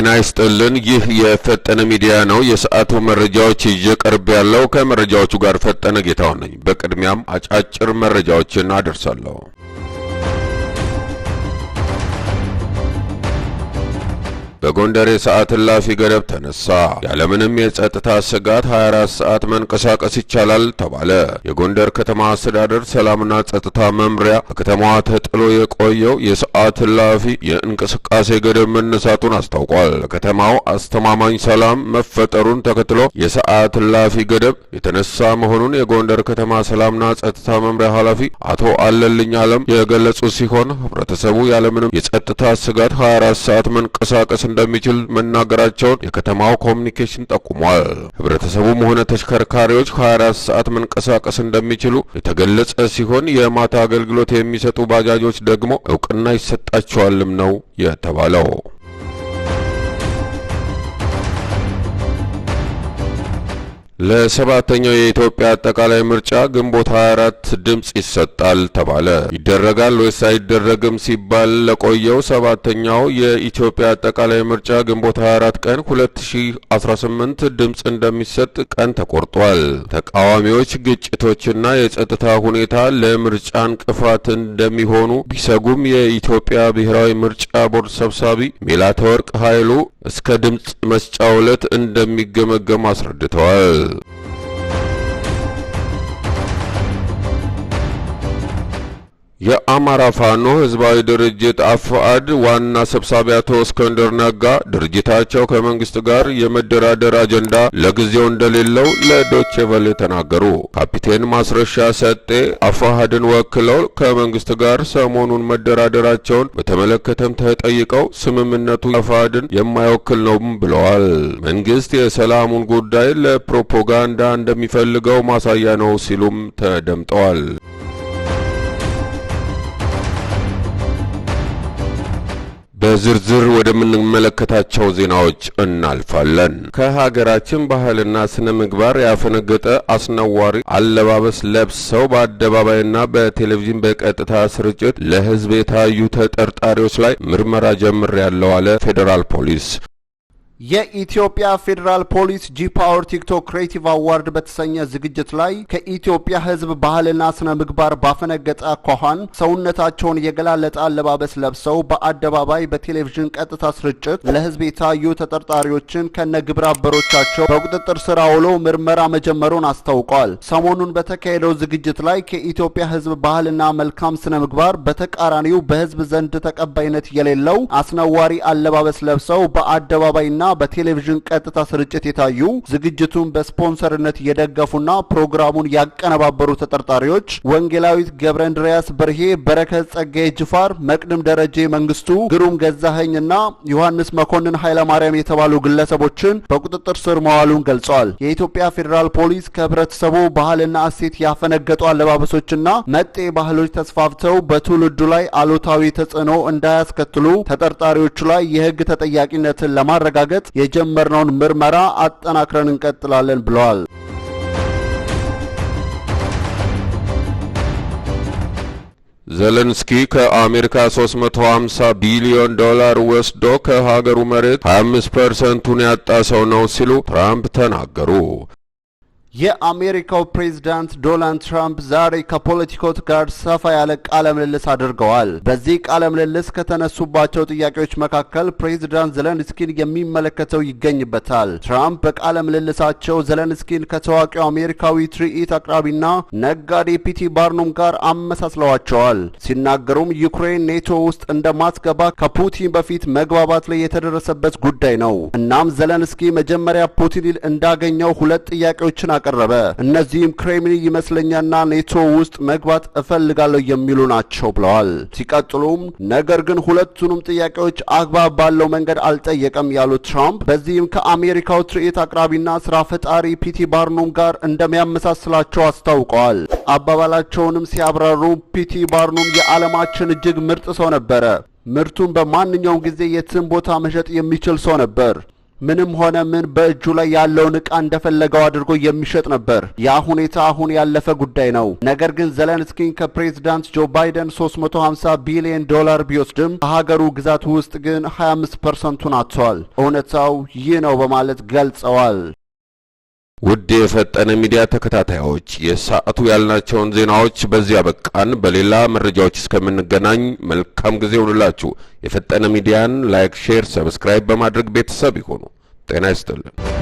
ጤና ይስጥልን። ይህ የፈጠነ ሚዲያ ነው። የሰዓቱ መረጃዎች ይዤ ቀርብ ያለው ከመረጃዎቹ ጋር ፈጠነ ጌታው ነኝ። በቅድሚያም አጫጭር መረጃዎችን አደርሳለሁ። በጎንደር የሰዓት እላፊ ገደብ ተነሳ። ያለምንም የጸጥታ ስጋት 24 ሰዓት መንቀሳቀስ ይቻላል ተባለ። የጎንደር ከተማ አስተዳደር ሰላምና ጸጥታ መምሪያ በከተማዋ ተጥሎ የቆየው የሰዓት እላፊ የእንቅስቃሴ ገደብ መነሳቱን አስታውቋል። በከተማው አስተማማኝ ሰላም መፈጠሩን ተከትሎ የሰዓት እላፊ ገደብ የተነሳ መሆኑን የጎንደር ከተማ ሰላምና ጸጥታ መምሪያ ኃላፊ አቶ አለልኝ አለም የገለጹ ሲሆን ህብረተሰቡ ያለምንም የጸጥታ ስጋት 24 ሰዓት መንቀሳቀስ እንደሚችል መናገራቸውን የከተማው ኮሚኒኬሽን ጠቁሟል። ህብረተሰቡም ሆነ ተሽከርካሪዎች ከ24 ሰዓት መንቀሳቀስ እንደሚችሉ የተገለጸ ሲሆን የማታ አገልግሎት የሚሰጡ ባጃጆች ደግሞ እውቅና ይሰጣቸዋልም ነው የተባለው። ለሰባተኛው የኢትዮጵያ አጠቃላይ ምርጫ ግንቦት 24 ድምፅ ይሰጣል ተባለ። ይደረጋል ወይስ አይደረግም ሲባል ለቆየው ሰባተኛው የኢትዮጵያ አጠቃላይ ምርጫ ግንቦት 24 ቀን 2018 ድምፅ እንደሚሰጥ ቀን ተቆርጧል። ተቃዋሚዎች ግጭቶችና የጸጥታ ሁኔታ ለምርጫ እንቅፋት እንደሚሆኑ ቢሰጉም የኢትዮጵያ ብሔራዊ ምርጫ ቦርድ ሰብሳቢ ሜላተወርቅ ኃይሉ እስከ ድምፅ መስጫ ዕለት እንደሚገመገም አስረድተዋል። የአማራ ፋኖ ህዝባዊ ድርጅት አፋሕድ ዋና ሰብሳቢ አቶ እስክንድር ነጋ ድርጅታቸው ከመንግስት ጋር የመደራደር አጀንዳ ለጊዜው እንደሌለው ለዶቼ ተናገሩ። ካፒቴን ማስረሻ ሰጤ አፋሕድን ወክለው ከመንግስት ጋር ሰሞኑን መደራደራቸውን በተመለከተም ተጠይቀው ስምምነቱ አፋሕድን የማይወክል ነው ብለዋል። መንግስት የሰላሙን ጉዳይ ለፕሮፓጋንዳ እንደሚፈልገው ማሳያ ነው ሲሉም ተደምጠዋል። በዝርዝር ወደምንመለከታቸው ዜናዎች እናልፋለን። ከሀገራችን ባህልና ስነ ምግባር ያፈነገጠ አስነዋሪ አለባበስ ለብሰው በአደባባይና በቴሌቪዥን በቀጥታ ስርጭት ለሕዝብ የታዩ ተጠርጣሪዎች ላይ ምርመራ ያለው አለ ፌዴራል ፖሊስ። የኢትዮጵያ ፌዴራል ፖሊስ ጂ ፓወር ቲክቶክ ክሬቲቭ አዋርድ በተሰኘ ዝግጅት ላይ ከኢትዮጵያ ሕዝብ ባህልና ስነ ምግባር ባፈነገጠ አኳኋን ሰውነታቸውን የገላለጠ አለባበስ ለብሰው በአደባባይ በቴሌቪዥን ቀጥታ ስርጭት ለሕዝብ የታዩ ተጠርጣሪዎችን ከነ ግብረ አበሮቻቸው በቁጥጥር ስር አውሎ ምርመራ መጀመሩን አስታውቋል። ሰሞኑን በተካሄደው ዝግጅት ላይ ከኢትዮጵያ ሕዝብ ባህልና መልካም ስነ ምግባር በተቃራኒው በሕዝብ ዘንድ ተቀባይነት የሌለው አስነዋሪ አለባበስ ለብሰው በአደባባይና በቴሌቪዥን ቀጥታ ስርጭት የታዩ ዝግጅቱን በስፖንሰርነት የደገፉና ፕሮግራሙን ያቀነባበሩ ተጠርጣሪዎች ወንጌላዊት ገብረ እንድሪያስ በርሄ፣ በረከት ጸጋዬ ጅፋር፣ መቅድም ደረጀ መንግስቱ፣ ግሩም ገዛኸኝና ዮሐንስ መኮንን ኃይለማርያም የተባሉ ግለሰቦችን በቁጥጥር ስር መዋሉን ገልጸዋል። የኢትዮጵያ ፌዴራል ፖሊስ ከህብረተሰቡ ባህልና እሴት ያፈነገጡ አለባበሶችና መጤ ባህሎች ተስፋፍተው በትውልዱ ላይ አሉታዊ ተጽዕኖ እንዳያስከትሉ ተጠርጣሪዎቹ ላይ የህግ ተጠያቂነትን ለማረጋገጥ ለማረጋገጥ የጀመርነውን ምርመራ አጠናክረን እንቀጥላለን ብለዋል። ዘለንስኪ ከአሜሪካ 350 ቢሊዮን ዶላር ወስዶ ከሀገሩ መሬት 25 ፐርሰንቱን ያጣ ሰው ነው ሲሉ ትራምፕ ተናገሩ። የአሜሪካው ፕሬዝዳንት ዶናልድ ትራምፕ ዛሬ ከፖለቲኮት ጋር ሰፋ ያለ ቃለ ምልልስ አድርገዋል። በዚህ ቃለ ምልልስ ከተነሱባቸው ጥያቄዎች መካከል ፕሬዝዳንት ዘለንስኪን የሚመለከተው ይገኝበታል። ትራምፕ በቃለ ምልልሳቸው ዘለንስኪን ከታዋቂው አሜሪካዊ ትርኢት አቅራቢና ነጋዴ ፒቲ ባርኖም ጋር አመሳስለዋቸዋል። ሲናገሩም ዩክሬን ኔቶ ውስጥ እንደማትገባ ከፑቲን በፊት መግባባት ላይ የተደረሰበት ጉዳይ ነው። እናም ዘለንስኪ መጀመሪያ ፑቲን እንዳገኘው ሁለት ጥያቄዎችን አቀረበ። እነዚህም ክሬምሊ ይመስለኛና ኔቶ ውስጥ መግባት እፈልጋለሁ የሚሉ ናቸው ብለዋል። ሲቀጥሉም ነገር ግን ሁለቱንም ጥያቄዎች አግባብ ባለው መንገድ አልጠየቀም ያሉት ትራምፕ በዚህም ከአሜሪካው ትርኢት አቅራቢና ስራ ፈጣሪ ፒቲ ባርኑም ጋር እንደሚያመሳስላቸው አስታውቀዋል። አባባላቸውንም ሲያብራሩ ፒቲ ባርኑም የዓለማችን እጅግ ምርጥ ሰው ነበረ። ምርቱን በማንኛውም ጊዜ የትም ቦታ መሸጥ የሚችል ሰው ነበር። ምንም ሆነ ምን በእጁ ላይ ያለውን ዕቃ እንደፈለገው አድርጎ የሚሸጥ ነበር። ያ ሁኔታ አሁን ያለፈ ጉዳይ ነው። ነገር ግን ዘለንስኪን ከፕሬዚዳንት ጆ ባይደን 350 ቢሊዮን ዶላር ቢወስድም ከሀገሩ ግዛት ውስጥ ግን 25 ፐርሰንቱን አጥቷል። እውነታው ይህ ነው በማለት ገልጸዋል። ውድ የፈጠነ ሚዲያ ተከታታዮች የሰዓቱ ያልናቸውን ዜናዎች በዚያ በቃን። በሌላ መረጃዎች እስከምንገናኝ መልካም ጊዜ ይሁንላችሁ። የፈጠነ ሚዲያን ላይክ፣ ሼር፣ ሰብስክራይብ በማድረግ ቤተሰብ ይሁኑ። ጤና ይስጥልን።